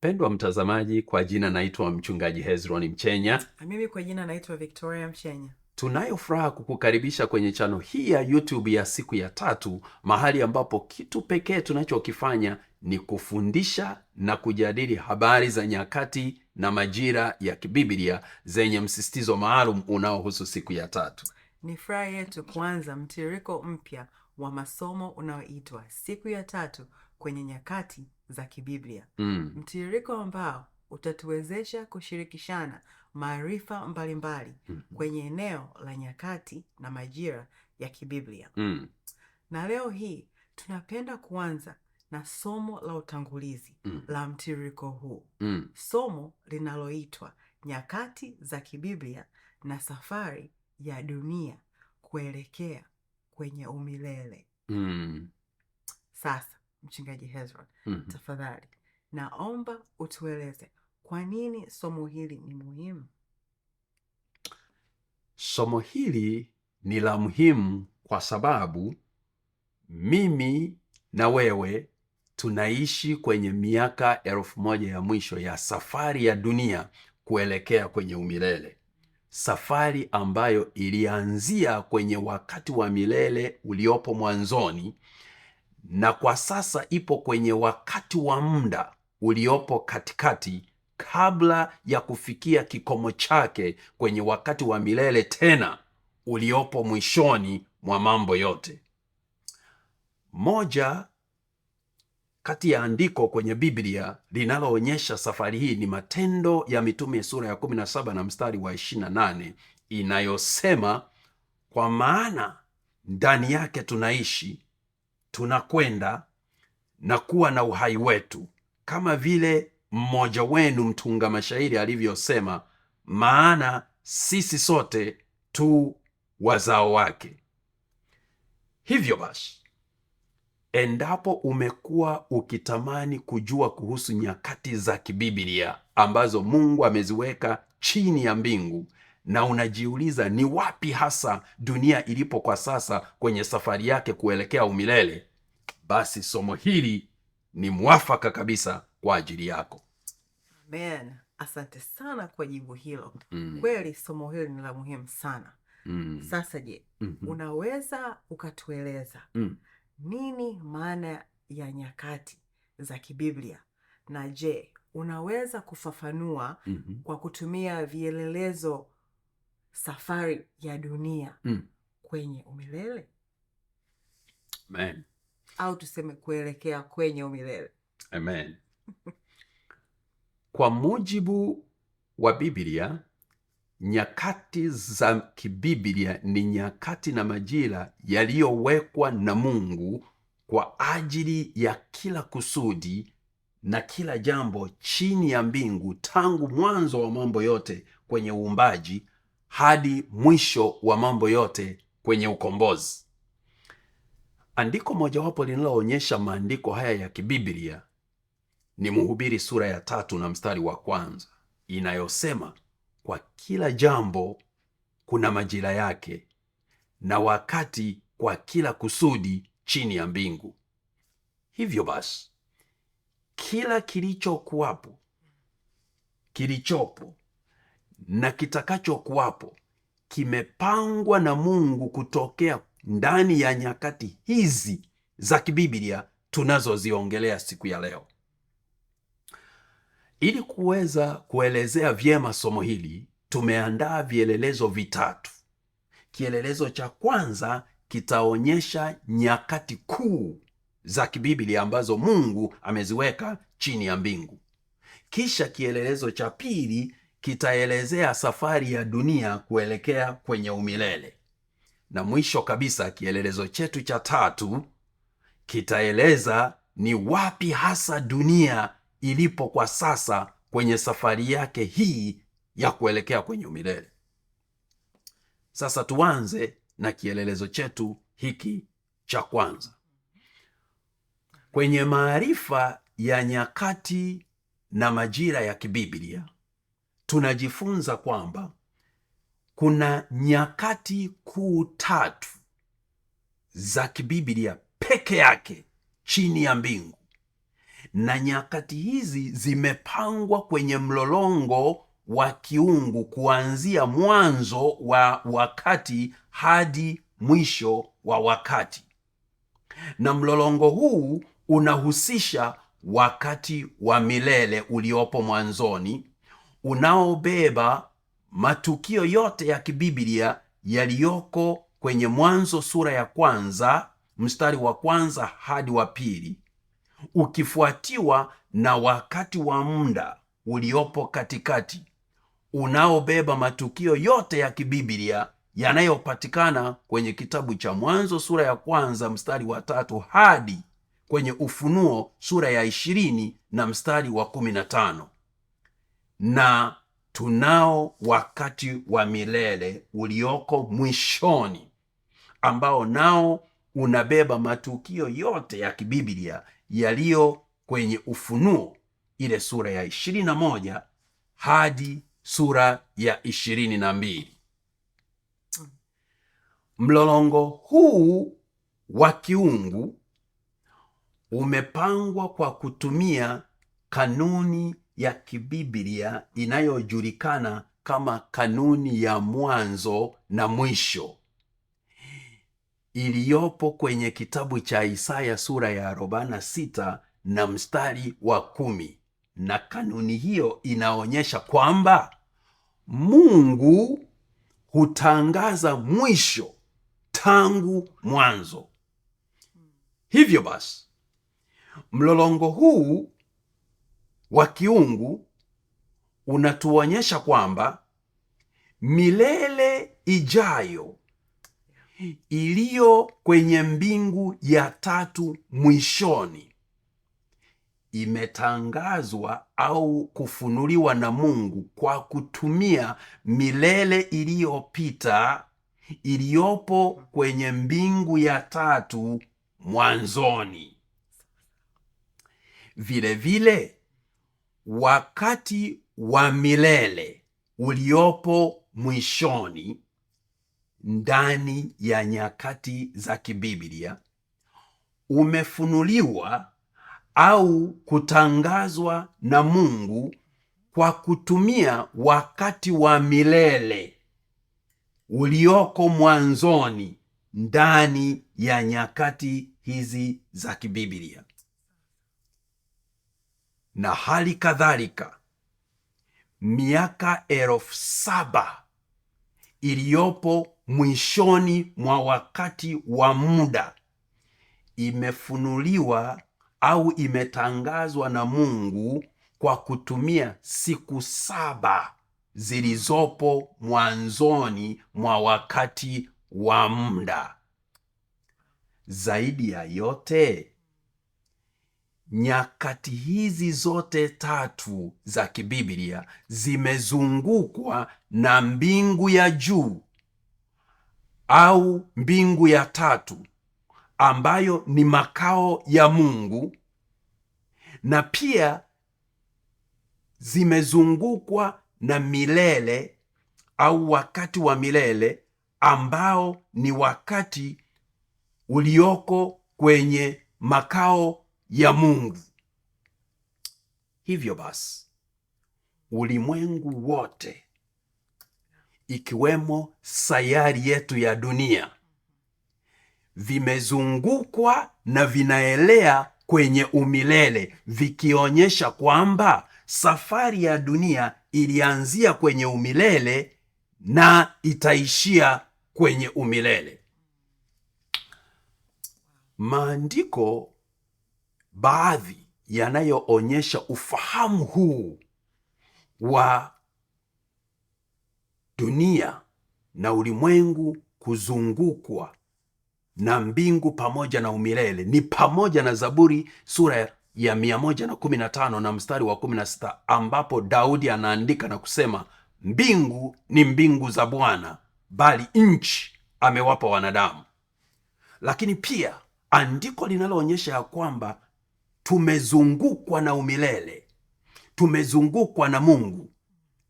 Mpendwa mtazamaji, kwa jina naitwa mchungaji Hezron Mchenya. Mimi kwa jina naitwa Victoria Mchenya. Tunayo furaha kukukaribisha kwenye chano hii ya YouTube ya siku ya tatu, mahali ambapo kitu pekee tunachokifanya ni kufundisha na kujadili habari za nyakati na majira ya kibiblia zenye msisitizo maalum unaohusu siku ya tatu. Ni furaha yetu kuanza mtiririko mpya wa masomo unaoitwa siku ya tatu kwenye nyakati za kibiblia mm. mtiririko ambao utatuwezesha kushirikishana maarifa mbalimbali mm kwenye eneo la nyakati na majira ya kibiblia mm. na leo hii tunapenda kuanza na somo la utangulizi mm. la mtiririko huu mm. somo linaloitwa nyakati za kibiblia na safari ya dunia kuelekea kwenye umilele mm. Sasa Mchungaji Hezron mm -hmm. Tafadhali naomba utueleze kwa nini somo hili ni muhimu. Somo hili ni la muhimu kwa sababu mimi na wewe tunaishi kwenye miaka elfu moja ya mwisho ya safari ya dunia kuelekea kwenye umilele, safari ambayo ilianzia kwenye wakati wa milele uliopo mwanzoni na kwa sasa ipo kwenye wakati wa muda uliopo katikati kabla ya kufikia kikomo chake kwenye wakati wa milele tena uliopo mwishoni mwa mambo yote. Moja kati ya andiko kwenye Biblia linaloonyesha safari hii ni Matendo ya Mitume sura ya 17 na mstari wa 28 inayosema, kwa maana ndani yake tunaishi tunakwenda na kuwa na uhai wetu, kama vile mmoja wenu mtunga mashairi alivyosema, maana sisi sote tu wazao wake. Hivyo basi, endapo umekuwa ukitamani kujua kuhusu nyakati za kibiblia ambazo Mungu ameziweka chini ya mbingu na unajiuliza ni wapi hasa dunia ilipo kwa sasa kwenye safari yake kuelekea umilele, basi somo hili ni mwafaka kabisa kwa ajili yako. Amen. Asante sana kwa jibu hilo. Mm. Kweli somo hili ni la muhimu sana. Mm. Sasa je, mm -hmm. unaweza ukatueleza mm. nini maana ya nyakati za kibiblia na je, unaweza kufafanua mm -hmm. kwa kutumia vielelezo safari ya dunia mm. kwenye umilele? Amen au tuseme kuelekea kwenye umilele. Amen. Kwa mujibu wa Biblia, nyakati za kibiblia ni nyakati na majira yaliyowekwa na Mungu kwa ajili ya kila kusudi na kila jambo chini ya mbingu tangu mwanzo wa mambo yote kwenye uumbaji hadi mwisho wa mambo yote kwenye ukombozi. Andiko mojawapo linaloonyesha maandiko haya ya kibiblia ni Mhubiri sura ya tatu na mstari wa kwanza inayosema, kwa kila jambo kuna majira yake na wakati kwa kila kusudi chini ya mbingu. Hivyo basi kila kilichokuwapo, kilichopo na kitakachokuwapo kimepangwa na Mungu kutokea ndani ya nyakati hizi za kibiblia tunazoziongelea siku ya leo. Ili kuweza kuelezea vyema somo hili, tumeandaa vielelezo vitatu. Kielelezo cha kwanza kitaonyesha nyakati kuu za kibiblia ambazo Mungu ameziweka chini ya mbingu. Kisha kielelezo cha pili kitaelezea safari ya dunia kuelekea kwenye umilele. Na mwisho kabisa, kielelezo chetu cha tatu kitaeleza ni wapi hasa dunia ilipo kwa sasa kwenye safari yake hii ya kuelekea kwenye umilele. Sasa tuanze na kielelezo chetu hiki cha kwanza kwenye maarifa ya nyakati na majira ya kibiblia tunajifunza kwamba kuna nyakati kuu tatu za kibiblia peke yake chini ya mbingu, na nyakati hizi zimepangwa kwenye mlolongo wa kiungu kuanzia mwanzo wa wakati hadi mwisho wa wakati, na mlolongo huu unahusisha wakati wa milele uliopo mwanzoni unaobeba matukio yote ya kibiblia yaliyoko kwenye Mwanzo sura ya kwanza mstari wa kwanza hadi wa pili ukifuatiwa na wakati wa muda uliopo katikati unaobeba matukio yote ya kibiblia yanayopatikana kwenye kitabu cha Mwanzo sura ya kwanza mstari wa tatu hadi kwenye Ufunuo sura ya ishirini na mstari wa kumi na tano na tunao wakati wa milele ulioko mwishoni ambao nao unabeba matukio yote ya kibiblia yaliyo kwenye Ufunuo ile sura ya ishirini na moja hadi sura ya ishirini na mbili. Mlolongo huu wa kiungu umepangwa kwa kutumia kanuni ya kibiblia inayojulikana kama kanuni ya mwanzo na mwisho iliyopo kwenye kitabu cha Isaya sura ya 46 na mstari wa kumi. Na kanuni hiyo inaonyesha kwamba Mungu hutangaza mwisho tangu mwanzo. Hivyo basi mlolongo huu wa kiungu unatuonyesha kwamba milele ijayo iliyo kwenye mbingu ya tatu mwishoni imetangazwa au kufunuliwa na Mungu kwa kutumia milele iliyopita iliyopo kwenye mbingu ya tatu mwanzoni. Vilevile wakati wa milele uliopo mwishoni ndani ya nyakati za kibiblia umefunuliwa au kutangazwa na Mungu kwa kutumia wakati wa milele ulioko mwanzoni ndani ya nyakati hizi za kibiblia na hali kadhalika miaka elfu saba iliyopo mwishoni mwa wakati wa muda imefunuliwa au imetangazwa na Mungu kwa kutumia siku saba zilizopo mwanzoni mwa wakati wa muda. Zaidi ya yote, nyakati hizi zote tatu za kibiblia zimezungukwa na mbingu ya juu au mbingu ya tatu ambayo ni makao ya Mungu na pia zimezungukwa na milele au wakati wa milele ambao ni wakati ulioko kwenye makao ya Mungu. Hivyo basi ulimwengu wote ikiwemo sayari yetu ya dunia vimezungukwa na vinaelea kwenye umilele, vikionyesha kwamba safari ya dunia ilianzia kwenye umilele na itaishia kwenye umilele. Maandiko baadhi yanayoonyesha ufahamu huu wa dunia na ulimwengu kuzungukwa na mbingu pamoja na umilele ni pamoja na Zaburi sura ya 115 na mstari wa 16 ambapo Daudi anaandika na kusema, mbingu ni mbingu za Bwana, bali nchi amewapa wanadamu. Lakini pia andiko linaloonyesha ya kwamba tumezungukwa na umilele, tumezungukwa na Mungu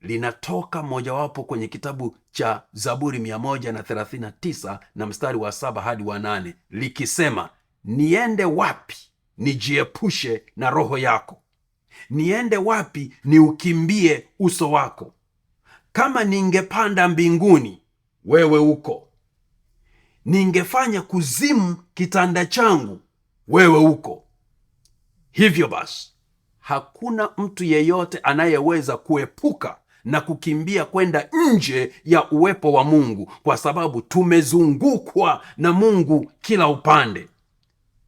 linatoka mojawapo kwenye kitabu cha Zaburi 139 na, na mstari wa saba hadi wa nane likisema, niende wapi nijiepushe na roho yako? Niende wapi niukimbie uso wako? Kama ningepanda mbinguni, wewe uko; ningefanya kuzimu kitanda changu, wewe uko Hivyo basi hakuna mtu yeyote anayeweza kuepuka na kukimbia kwenda nje ya uwepo wa Mungu, kwa sababu tumezungukwa na Mungu kila upande.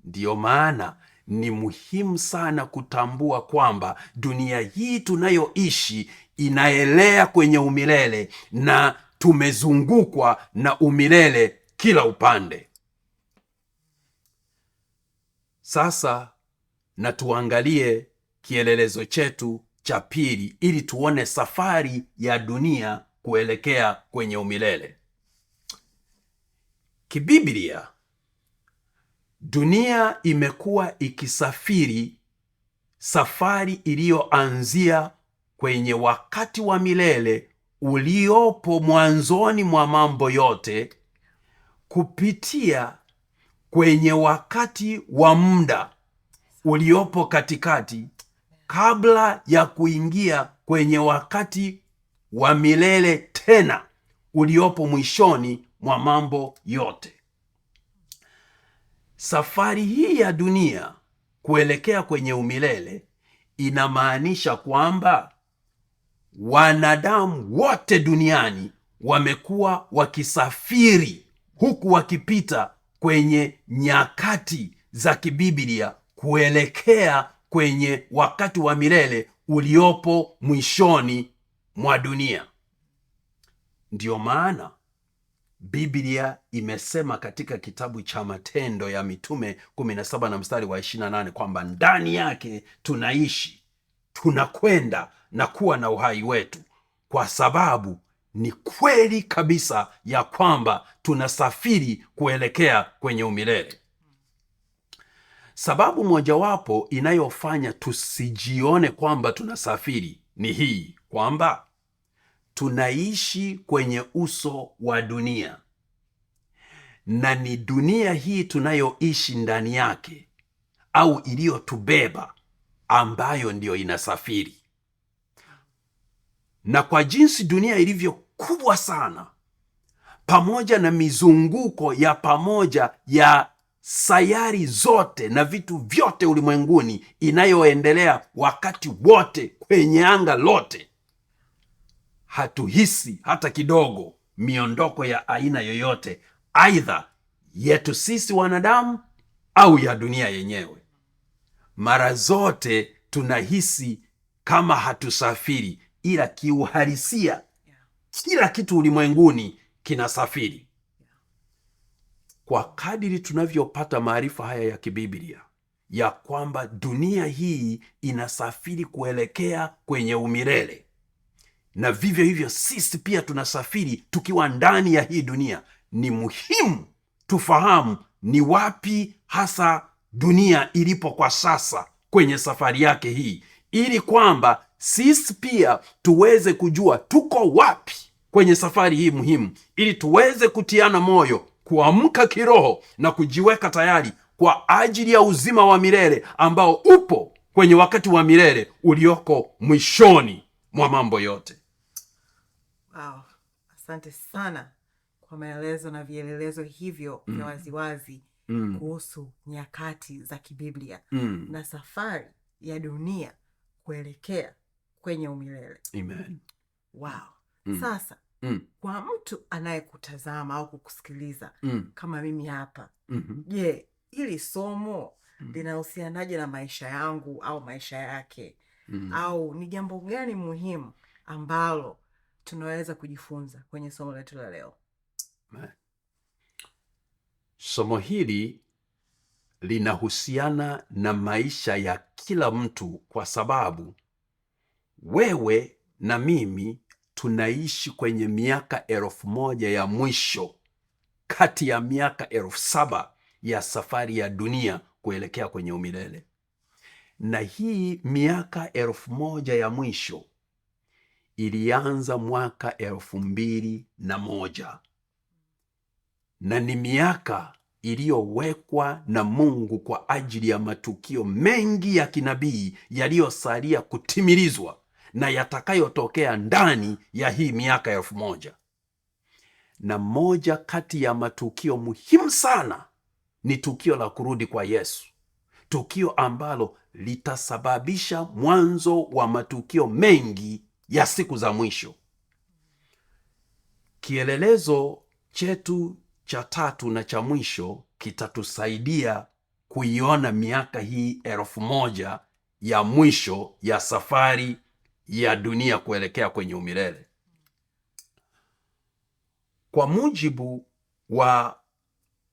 Ndiyo maana ni muhimu sana kutambua kwamba dunia hii tunayoishi inaelea kwenye umilele na tumezungukwa na umilele kila upande. Sasa na tuangalie kielelezo chetu cha pili, ili tuone safari ya dunia kuelekea kwenye umilele. Kibiblia, dunia imekuwa ikisafiri safari iliyoanzia kwenye wakati wa milele uliopo mwanzoni mwa mambo yote kupitia kwenye wakati wa muda uliopo katikati kabla ya kuingia kwenye wakati wa milele tena uliopo mwishoni mwa mambo yote. Safari hii ya dunia kuelekea kwenye umilele inamaanisha kwamba wanadamu wote duniani wamekuwa wakisafiri huku wakipita kwenye nyakati za kibiblia kuelekea kwenye wakati wa milele uliopo mwishoni mwa dunia. Ndiyo maana Biblia imesema katika kitabu cha Matendo ya Mitume 17 na mstari wa 28 kwamba ndani yake tunaishi, tunakwenda na kuwa na uhai wetu, kwa sababu ni kweli kabisa ya kwamba tunasafiri kuelekea kwenye umilele. Sababu mojawapo inayofanya tusijione kwamba tunasafiri ni hii kwamba tunaishi kwenye uso wa dunia, na ni dunia hii tunayoishi ndani yake au iliyotubeba ambayo ndiyo inasafiri. Na kwa jinsi dunia ilivyo kubwa sana, pamoja na mizunguko ya pamoja ya sayari zote na vitu vyote ulimwenguni, inayoendelea wakati wote kwenye anga lote, hatuhisi hata kidogo miondoko ya aina yoyote, aidha yetu sisi wanadamu au ya dunia yenyewe. Mara zote tunahisi kama hatusafiri, ila kiuhalisia kila kitu ulimwenguni kinasafiri kwa kadiri tunavyopata maarifa haya ya kibiblia ya kwamba dunia hii inasafiri kuelekea kwenye umilele, na vivyo hivyo sisi pia tunasafiri tukiwa ndani ya hii dunia. Ni muhimu tufahamu ni wapi hasa dunia ilipo kwa sasa kwenye safari yake hii, ili kwamba sisi pia tuweze kujua tuko wapi kwenye safari hii muhimu, ili tuweze kutiana moyo kuamka kiroho na kujiweka tayari kwa ajili ya uzima wa milele ambao upo kwenye wakati wa milele ulioko mwishoni mwa mambo yote. Wow. Asante sana kwa maelezo na vielelezo hivyo vya mm. waziwazi mm. kuhusu nyakati za kibiblia mm. na safari ya dunia kuelekea kwenye umilele. Amen. Wow. Mm. Sasa mm. kwa mtu anayekutazama au kukusikiliza mm. kama mimi hapa mm-hmm. je, mm -hmm. yeah, somo mm. linahusianaje na maisha yangu au maisha yake mm. au ni jambo gani muhimu ambalo tunaweza kujifunza kwenye somo letu la leo? Somo hili linahusiana na maisha ya kila mtu, kwa sababu wewe na mimi tunaishi kwenye miaka elfu moja ya mwisho kati ya miaka elfu saba ya safari ya dunia kuelekea kwenye umilele. Na hii miaka elfu moja ya mwisho ilianza mwaka elfu mbili na moja na ni miaka iliyowekwa na Mungu kwa ajili ya matukio mengi ya kinabii yaliyosalia kutimilizwa na yatakayotokea ndani ya hii miaka elfu moja na moja kati ya matukio muhimu sana ni tukio la kurudi kwa Yesu, tukio ambalo litasababisha mwanzo wa matukio mengi ya siku za mwisho. Kielelezo chetu cha tatu na cha mwisho kitatusaidia kuiona miaka hii elfu moja ya mwisho ya safari ya dunia kuelekea kwenye umilele. Kwa mujibu wa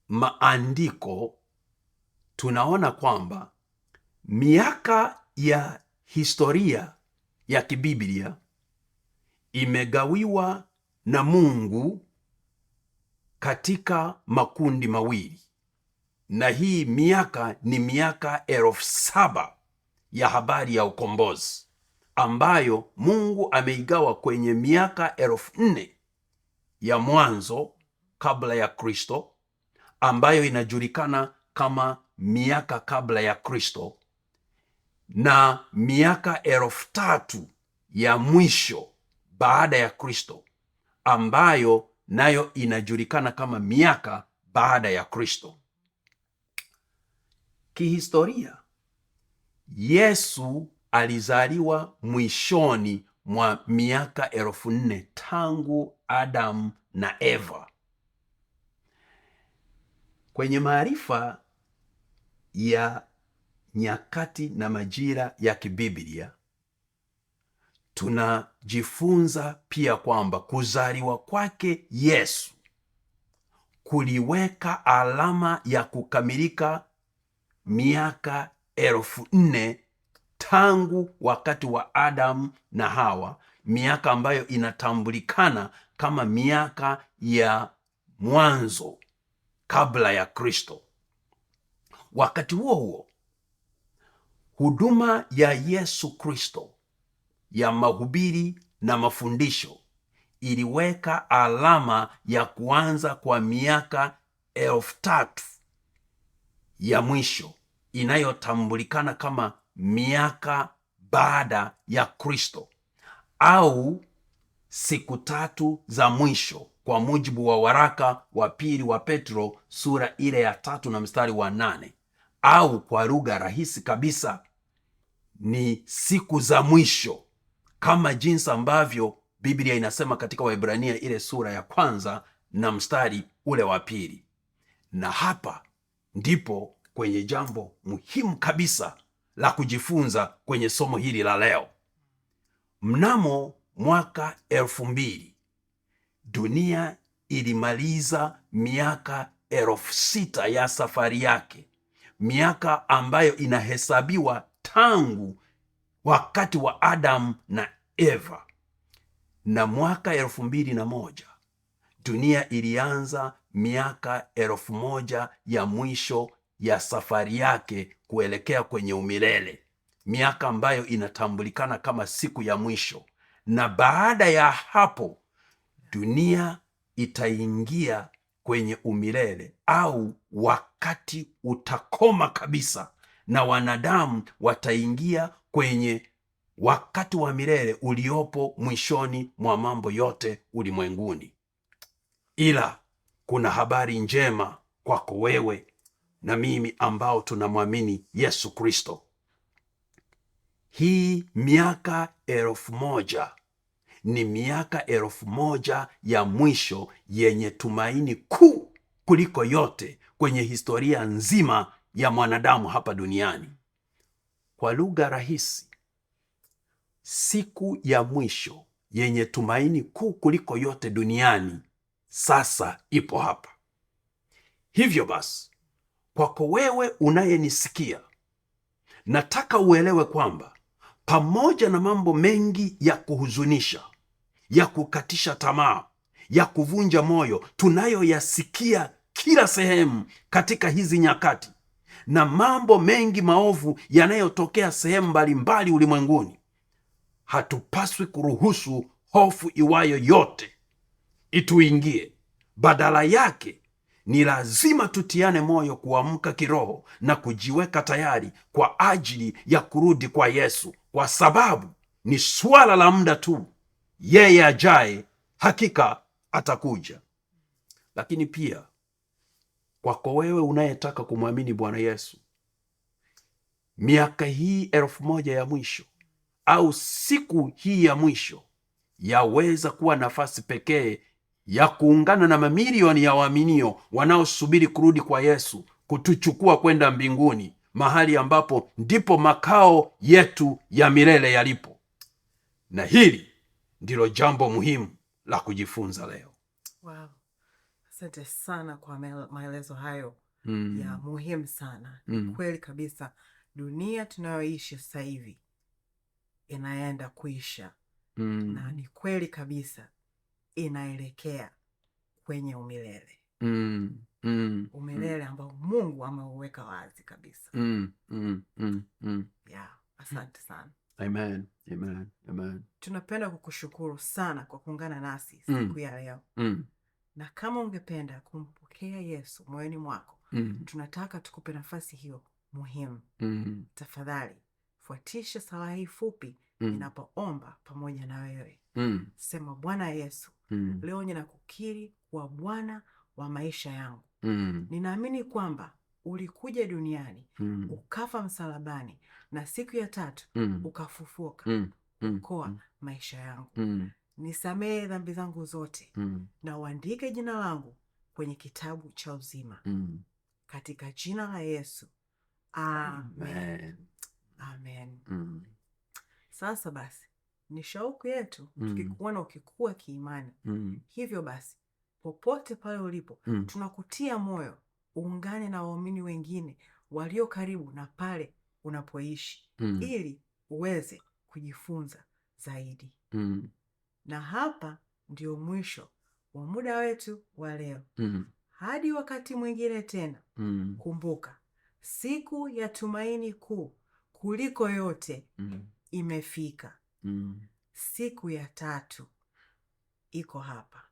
maandiko tunaona kwamba miaka ya historia ya kibiblia imegawiwa na Mungu katika makundi mawili, na hii miaka ni miaka elfu saba ya habari ya ukombozi ambayo Mungu ameigawa kwenye miaka elfu nne ya mwanzo kabla ya Kristo, ambayo inajulikana kama miaka kabla ya Kristo na miaka elfu tatu ya mwisho baada ya Kristo, ambayo nayo inajulikana kama miaka baada ya Kristo. Kihistoria, Yesu alizaliwa mwishoni mwa miaka elfu nne tangu Adamu na Eva. Kwenye maarifa ya nyakati na majira ya kibiblia tunajifunza pia kwamba kuzaliwa kwake Yesu kuliweka alama ya kukamilika miaka elfu nne tangu wakati wa Adamu na Hawa, miaka ambayo inatambulikana kama miaka ya mwanzo kabla ya Kristo. Wakati huo huo, huduma ya Yesu Kristo ya mahubiri na mafundisho iliweka alama ya kuanza kwa miaka elfu tatu ya mwisho inayotambulikana kama miaka baada ya Kristo au siku tatu za mwisho kwa mujibu wa waraka wa pili wa Petro sura ile ya tatu na mstari wa nane au kwa lugha rahisi kabisa ni siku za mwisho kama jinsi ambavyo Biblia inasema katika Waebrania ile sura ya kwanza na mstari ule wa pili. Na hapa ndipo kwenye jambo muhimu kabisa la kujifunza kwenye somo hili la leo. Mnamo mwaka elfu mbili dunia ilimaliza miaka elfu sita ya safari yake, miaka ambayo inahesabiwa tangu wakati wa Adamu na Eva, na mwaka elfu mbili na moja dunia ilianza miaka elfu moja ya mwisho ya safari yake kuelekea kwenye umilele, miaka ambayo inatambulikana kama siku ya mwisho. Na baada ya hapo dunia itaingia kwenye umilele au wakati utakoma kabisa, na wanadamu wataingia kwenye wakati wa milele uliopo mwishoni mwa mambo yote ulimwenguni. Ila kuna habari njema kwako wewe na mimi ambao tunamwamini Yesu Kristo. Hii miaka elfu moja ni miaka elfu moja ya mwisho yenye tumaini kuu kuliko yote kwenye historia nzima ya mwanadamu hapa duniani. Kwa lugha rahisi, siku ya mwisho yenye tumaini kuu kuliko yote duniani sasa ipo hapa. Hivyo basi Kwako wewe unayenisikia, nataka uelewe kwamba pamoja na mambo mengi ya kuhuzunisha, ya kukatisha tamaa, ya kuvunja moyo tunayoyasikia kila sehemu katika hizi nyakati, na mambo mengi maovu yanayotokea sehemu mbalimbali ulimwenguni, hatupaswi kuruhusu hofu iwayo yote ituingie. Badala yake ni lazima tutiane moyo kuamka kiroho na kujiweka tayari kwa ajili ya kurudi kwa Yesu, kwa sababu ni suala la muda tu. Yeye ajaye hakika atakuja. Lakini pia kwako wewe unayetaka kumwamini Bwana Yesu, miaka hii elfu moja ya mwisho au siku hii ya mwisho yaweza kuwa nafasi pekee ya kuungana na mamilioni ya waaminio wanaosubiri kurudi kwa Yesu kutuchukua kwenda mbinguni, mahali ambapo ndipo makao yetu ya milele yalipo. Na hili ndilo jambo muhimu la kujifunza leo. Wow. Asante sana kwa maelezo hayo mm. ya muhimu sana mm. Kweli kabisa, dunia tunayoishi sasa hivi inaenda kuisha mm. na ni kweli kabisa inaelekea kwenye umilele mm, mm, mm. umilele mm. ambao Mungu ameuweka wazi kabisa mm, mm, mm, mm. Yeah, asante sana Amen, amen, amen. Tunapenda kukushukuru sana kwa kuungana nasi mm. siku mm. ya leo mm. na kama ungependa kumpokea Yesu moyoni mwako mm. tunataka tukupe nafasi hiyo muhimu mm. Tafadhali fuatisha sala hii fupi mm. inapoomba pamoja na wewe mm. Sema Bwana Yesu mm. leo ninakukiri kuwa Bwana wa maisha yangu mm. ninaamini kwamba ulikuja duniani mm. ukafa msalabani na siku ya tatu mm. ukafufuka mm. ukoa mm. mm. maisha yangu mm. nisamehe dhambi zangu zote mm. na uandike jina langu kwenye kitabu cha uzima mm. katika jina la Yesu amen, amen. amen. Mm. Sasa basi ni shauku yetu mm. tukikuona ukikua kiimani mm. hivyo basi popote pale ulipo mm. tunakutia moyo uungane na waumini wengine walio karibu na pale unapoishi mm. ili uweze kujifunza zaidi mm. na hapa ndio mwisho wa muda wetu wa leo mm. hadi wakati mwingine tena mm. kumbuka siku ya tumaini kuu kuliko yote mm. imefika mm. Siku ya tatu iko hapa